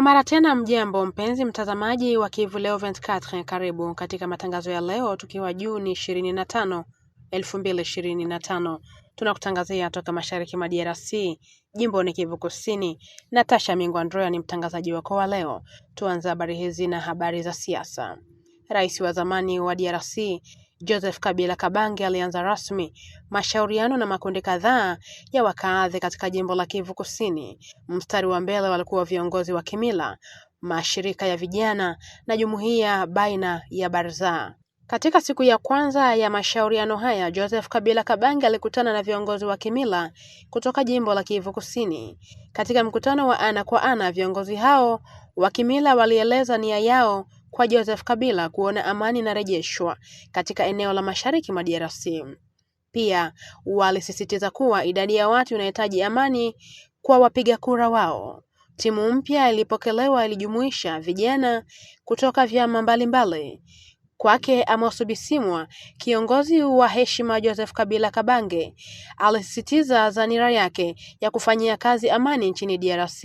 Kwa mara tena, mjambo mpenzi mtazamaji wa Kivu Leo 24, karibu katika matangazo ya leo, tukiwa Juni 25, 2025. Tunakutangazia toka mashariki mwa DRC, jimbo ni Kivu Kusini. Natasha Mingu Andrea ni mtangazaji wako wa leo. Tuanze habari hizi na habari za siasa. Rais wa zamani wa DRC Joseph Kabila Kabange alianza rasmi mashauriano na makundi kadhaa ya wakaadhi katika jimbo la Kivu Kusini. Mstari wa mbele walikuwa viongozi wa kimila, mashirika ya vijana na jumuiya baina ya barza Katika siku ya kwanza ya mashauriano haya, Joseph Kabila Kabange alikutana na viongozi wa kimila kutoka jimbo la Kivu Kusini. Katika mkutano wa ana kwa ana, viongozi hao wa kimila walieleza nia yao kwa Joseph Kabila kuona amani inarejeshwa katika eneo la mashariki mwa DRC. Pia walisisitiza kuwa idadi ya watu inahitaji amani kwa wapiga kura wao. Timu mpya ilipokelewa ilijumuisha vijana kutoka vyama mbalimbali. Kwake Amos Bisimwa, kiongozi wa heshima Joseph Kabila Kabange, alisisitiza dhamira yake ya kufanyia kazi amani nchini DRC.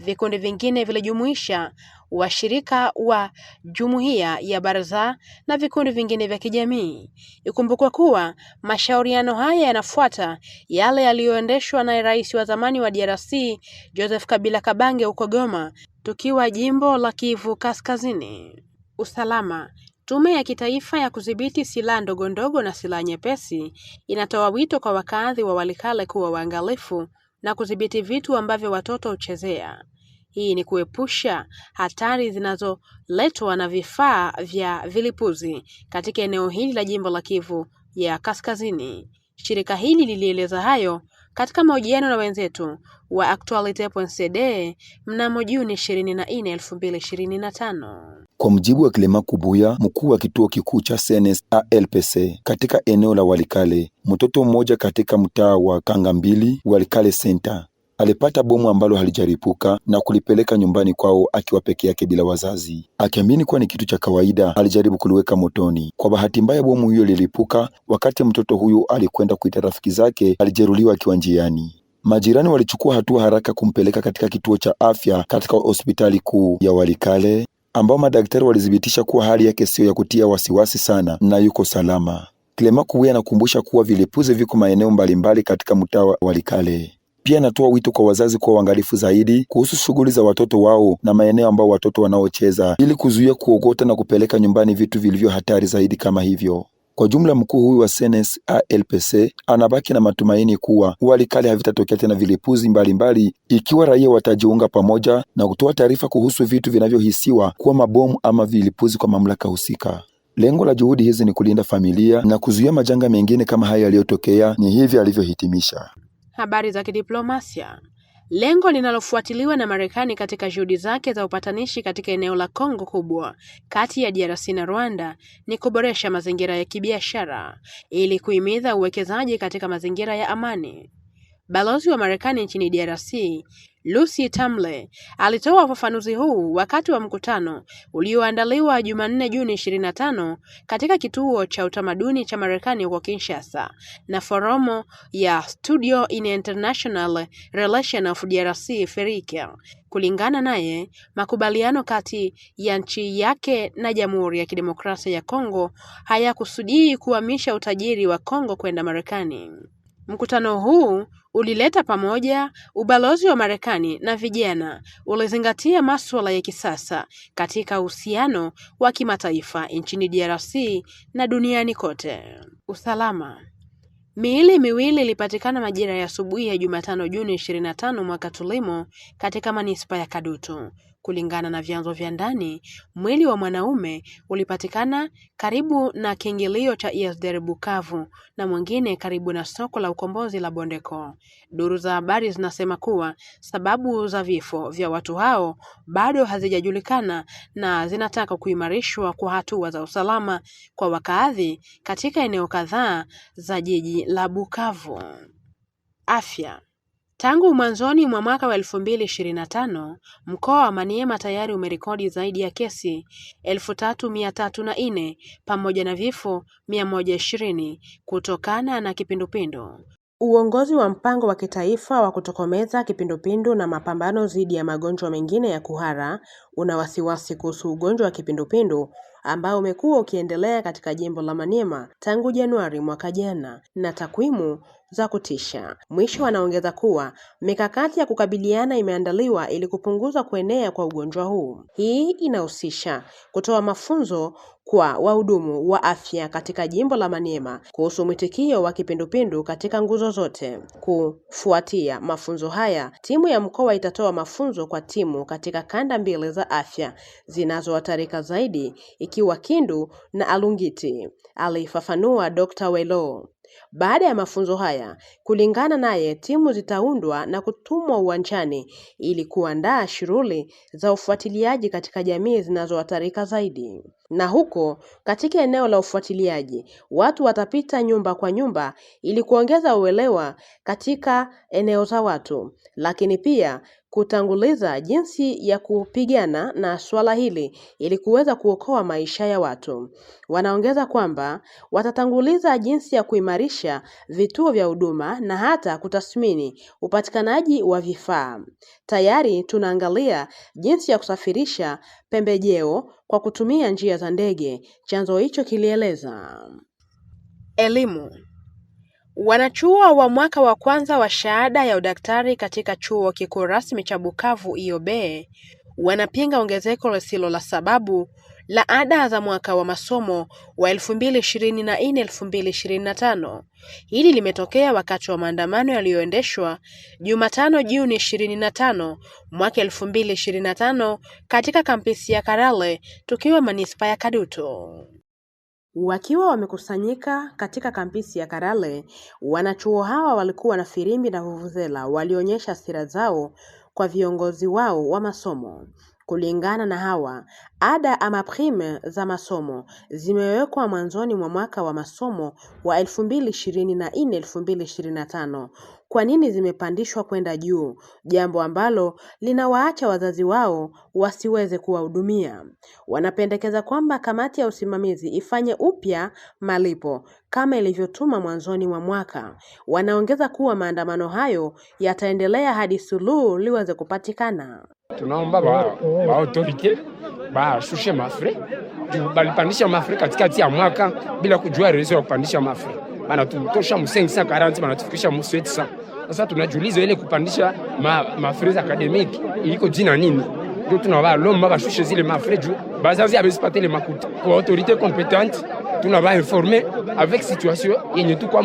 Vikundi vingine vilijumuisha washirika wa jumuiya ya Baraza na vikundi vingine vya kijamii. Ikumbukwe kuwa mashauriano haya yanafuata yale yaliyoendeshwa na rais wa zamani wa DRC Joseph Kabila Kabange huko Goma, tukiwa jimbo la Kivu Kaskazini. Usalama. Tume ya Kitaifa ya Kudhibiti Silaha ndogo na Silaha Nyepesi inatoa wito kwa wakazi wa Walikale kuwa waangalifu na kudhibiti vitu ambavyo watoto huchezea. Hii ni kuepusha hatari zinazoletwa na vifaa vya vilipuzi katika eneo hili la jimbo la Kivu ya Kaskazini. Shirika hili lilieleza hayo katika mahojiano na wenzetu wa Actualite.cd mnamo Juni 24, 2025. Kwa mjibu wa Kilema Kubuya, mkuu wa kituo kikuu cha CNSALPC katika eneo la Walikale, mtoto mmoja katika mtaa wa kanga mbili Walikale Center, alipata bomu ambalo halijaripuka na kulipeleka nyumbani kwao akiwa peke yake bila wazazi. Akiamini kuwa ni kitu cha kawaida, alijaribu kuliweka motoni. Kwa bahati mbaya, bomu hiyo lilipuka wakati mtoto huyu alikwenda kuita rafiki zake, alijeruhiwa akiwa njiani. Majirani walichukua hatua haraka kumpeleka katika kituo cha afya katika hospitali kuu ya Walikale ambao madaktari walithibitisha kuwa hali yake siyo ya kutia wasiwasi sana na yuko salama. Clemakuwi anakumbusha kuwa vilipuzi viko maeneo mbalimbali katika mtaa wa Likale. Pia anatoa wito kwa wazazi kuwa waangalifu zaidi kuhusu shughuli za watoto wao na maeneo ambao watoto wanaocheza ili kuzuia kuogota na kupeleka nyumbani vitu vilivyo hatari zaidi kama hivyo. Kwa jumla mkuu huyu wa CNS ALPC anabaki na matumaini kuwa wali kali havitatokea tena vilipuzi mbalimbali mbali, ikiwa raia watajiunga pamoja na kutoa taarifa kuhusu vitu vinavyohisiwa kuwa mabomu ama vilipuzi kwa mamlaka husika. Lengo la juhudi hizi ni kulinda familia na kuzuia majanga mengine kama haya yaliyotokea. Ni hivyo alivyohitimisha. Habari za kidiplomasia lengo linalofuatiliwa na Marekani katika juhudi zake za upatanishi katika eneo la Kongo kubwa kati ya DRC na Rwanda ni kuboresha mazingira ya kibiashara ili kuhimiza uwekezaji katika mazingira ya amani. Balozi wa Marekani nchini DRC Lucy Tamle alitoa ufafanuzi huu wakati wa mkutano ulioandaliwa Jumanne Juni 25 katika kituo cha utamaduni cha Marekani huko Kinshasa na foromo ya Studio in International Relation of DRC Ferike. Kulingana naye, makubaliano kati ya nchi yake na Jamhuri ya Kidemokrasia ya Kongo hayakusudii kuhamisha utajiri wa Kongo kwenda Marekani. Mkutano huu ulileta pamoja ubalozi wa Marekani na vijana, ulizingatia masuala ya kisasa katika uhusiano wa kimataifa nchini DRC na duniani kote. Usalama. Miili miwili ilipatikana majira ya asubuhi ya Jumatano Juni 25 mwaka tulimo katika manispa ya Kadutu Kulingana na vyanzo vya ndani, mwili wa mwanaume ulipatikana karibu na kiingilio cha ISDR Bukavu na mwingine karibu na soko la Ukombozi la Bondeko. Duru za habari zinasema kuwa sababu za vifo vya watu hao bado hazijajulikana na zinataka kuimarishwa kwa hatua za usalama kwa wakaadhi katika eneo kadhaa za jiji la Bukavu. Afya. Tangu mwanzoni mwa mwaka wa 2025, mkoa wa Maniema tayari umerekodi zaidi ya kesi 3304 pamoja na vifo 120 kutokana na kipindupindu. Uongozi wa mpango wa kitaifa wa kutokomeza kipindupindu na mapambano dhidi ya magonjwa mengine ya kuhara una wasiwasi kuhusu ugonjwa wa kipindupindu ambao umekuwa ukiendelea katika jimbo la Maniema tangu Januari mwaka jana, na takwimu za kutisha. Mwisho anaongeza kuwa mikakati ya kukabiliana imeandaliwa ili kupunguza kuenea kwa ugonjwa huu. Hii inahusisha kutoa mafunzo kwa wahudumu wa afya katika jimbo la Maniema kuhusu mwitikio wa kipindupindu katika nguzo zote. Kufuatia mafunzo haya, timu ya mkoa itatoa mafunzo kwa timu katika kanda mbili za afya zinazohatarika zaidi ikiwa Kindu na Alungiti, alifafanua Dr. Welo. Baada ya mafunzo haya, kulingana naye, timu zitaundwa na kutumwa uwanjani ili kuandaa shughuli za ufuatiliaji katika jamii zinazohatarika zaidi. Na huko katika eneo la ufuatiliaji, watu watapita nyumba kwa nyumba ili kuongeza uelewa katika eneo za watu, lakini pia kutanguliza jinsi ya kupigana na suala hili ili kuweza kuokoa maisha ya watu. Wanaongeza kwamba watatanguliza jinsi ya kuimarisha vituo vya huduma na hata kutathmini upatikanaji wa vifaa. Tayari tunaangalia jinsi ya kusafirisha pembejeo kwa kutumia njia za ndege, chanzo hicho kilieleza. Elimu Wanachuo wa mwaka wa kwanza wa shahada ya udaktari katika Chuo Kikuu Rasmi cha Bukavu IOB wanapinga ongezeko lisilo la sababu la ada za mwaka wa masomo wa 2024/2025. Hili limetokea wakati wa maandamano yaliyoendeshwa Jumatano Juni 25 mwaka 2025 katika kampisi ya Karale, tukiwa manispaa ya kaduto Wakiwa wamekusanyika katika kampisi ya Karale, wanachuo hawa walikuwa na firimbi na vuvuzela walionyesha hasira zao kwa viongozi wao wa masomo. Kulingana na Hawa, Ada ama prime za masomo zimewekwa mwanzoni mwa mwaka wa masomo wa 2024-2025. kwa nini zimepandishwa kwenda juu, jambo ambalo linawaacha wazazi wao wasiweze kuwahudumia. Wanapendekeza kwamba kamati ya usimamizi ifanye upya malipo kama ilivyotuma mwanzoni mwa mwaka. Wanaongeza kuwa maandamano hayo yataendelea hadi suluhu liweze kupatikana. Tunaomba ba, ba ashushe ah, mafre juu balipandisha mafre katikati ya mwaka bila kujua rezo ya kupandisha mafre, banatutosha mu 540 banatufikisha mu 700. Sasa tunajiuliza ile kupandisha ma, mafre za akademiki iliko jina nini? Ndio tunabalomba bashushe zile mafre juu bazazi abezipate ile makuta kwa autorite competente, tunabainforme avec situation yenye tukwa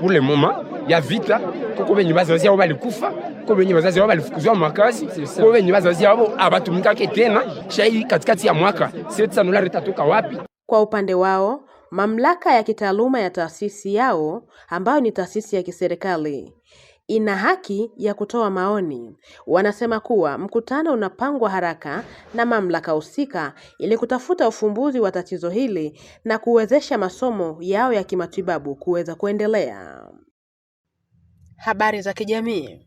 pour le moment ya vita kuko benye bazazi yabo balikufa kuko benye bazazi yabo balifukuzwa makazi kuko benye bazazi yabo abatumikake tena shai katikati ya mwaka dolari itatoka wapi? Kwa upande wao mamlaka ya kitaaluma ya taasisi yao ambayo ni taasisi ya kiserikali ina haki ya kutoa maoni. Wanasema kuwa mkutano unapangwa haraka na mamlaka husika ili kutafuta ufumbuzi wa tatizo hili na kuwezesha masomo yao ya kimatibabu kuweza kuendelea habari za kijamii,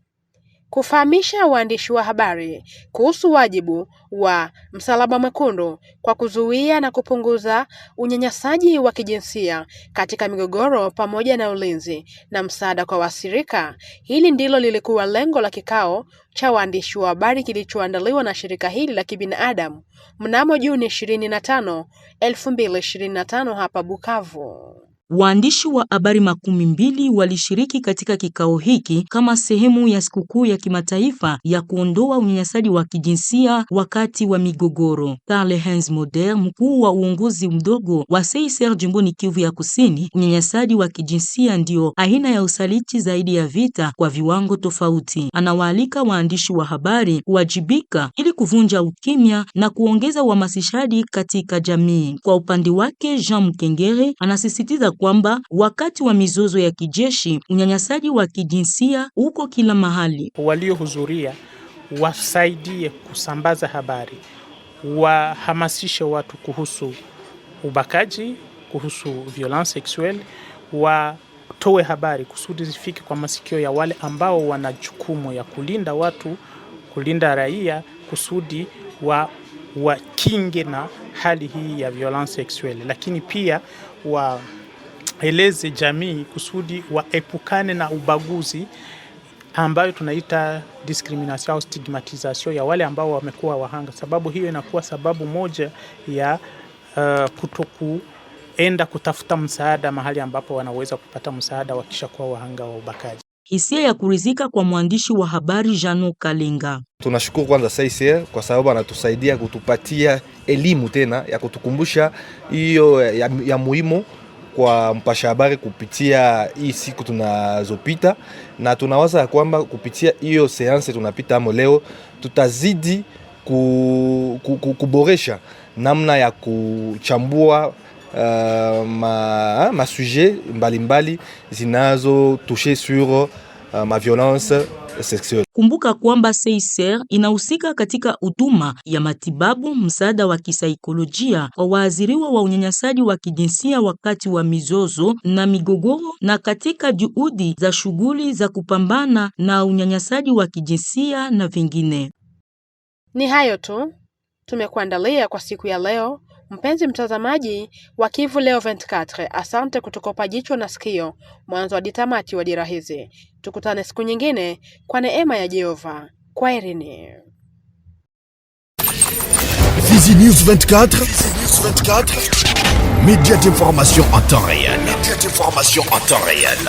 kufahamisha waandishi wa habari kuhusu wajibu wa Msalaba Mwekundu kwa kuzuia na kupunguza unyanyasaji wa kijinsia katika migogoro pamoja na ulinzi na msaada kwa wasirika Hili ndilo lilikuwa lengo la kikao cha waandishi wa habari kilichoandaliwa na shirika hili la kibinadamu mnamo Juni 25, 2025 hapa Bukavu. Waandishi wa habari makumi mbili walishiriki katika kikao hiki kama sehemu ya sikukuu ya kimataifa ya kuondoa unyanyasaji wa kijinsia wakati wa migogoro. Karl Heinz Moder, mkuu wa uongozi mdogo wa seiser jimboni Kivu ya Kusini: unyanyasaji wa kijinsia ndio aina ya usaliti zaidi ya vita kwa viwango tofauti. Anawaalika waandishi wa habari kuwajibika ili kuvunja ukimya na kuongeza uhamasishaji katika jamii. Kwa upande wake, Jean Mkengere anasisitiza kwamba wakati wa mizozo ya kijeshi unyanyasaji wa kijinsia uko kila mahali. Waliohudhuria wasaidie kusambaza habari, wahamasishe watu kuhusu ubakaji, kuhusu violence sexuelle, watoe habari kusudi zifike kwa masikio ya wale ambao wana jukumu ya kulinda watu, kulinda raia, kusudi wa wakinge na hali hii ya violence sexuelle, lakini pia wa waeleze jamii kusudi waepukane na ubaguzi ambayo tunaita discrimination au stigmatization ya wale ambao wamekuwa wahanga, sababu hiyo inakuwa sababu moja ya uh, kutokuenda kutafuta msaada mahali ambapo wanaweza kupata msaada wakishakuwa wahanga wa ubakaji. Hisia ya kuridhika kwa mwandishi wa habari Jano Kalenga. Tunashukuru kwanza CICR kwa sababu anatusaidia kutupatia elimu tena ya kutukumbusha hiyo ya, ya muhimu kwa mpasha habari kupitia hii siku tunazopita, na tunawaza ya kwamba kupitia hiyo seanse tunapita amo leo tutazidi ku, ku, ku, kuboresha namna ya kuchambua uh, ma, ma sujet mbalimbali zinazo touche sur uh, maviolence sexuelle. Kumbuka kwamba CICR inahusika katika huduma ya matibabu, msaada wa kisaikolojia kwa waadhiriwa wa unyanyasaji wa kijinsia wakati wa mizozo na migogoro, na katika juhudi za shughuli za kupambana na unyanyasaji wa kijinsia na vingine. Ni hayo tu tumekuandalia kwa siku ya leo. Mpenzi mtazamaji wa Kivu Leo 24, asante kutukopa jicho na sikio mwanzo hadi tamati wa dira hizi. Tukutane siku nyingine kwa neema ya Jehova. Kwaherini. Fizi News 24, Fizi News 24, média d'information en temps réel, media d'information en temps réel.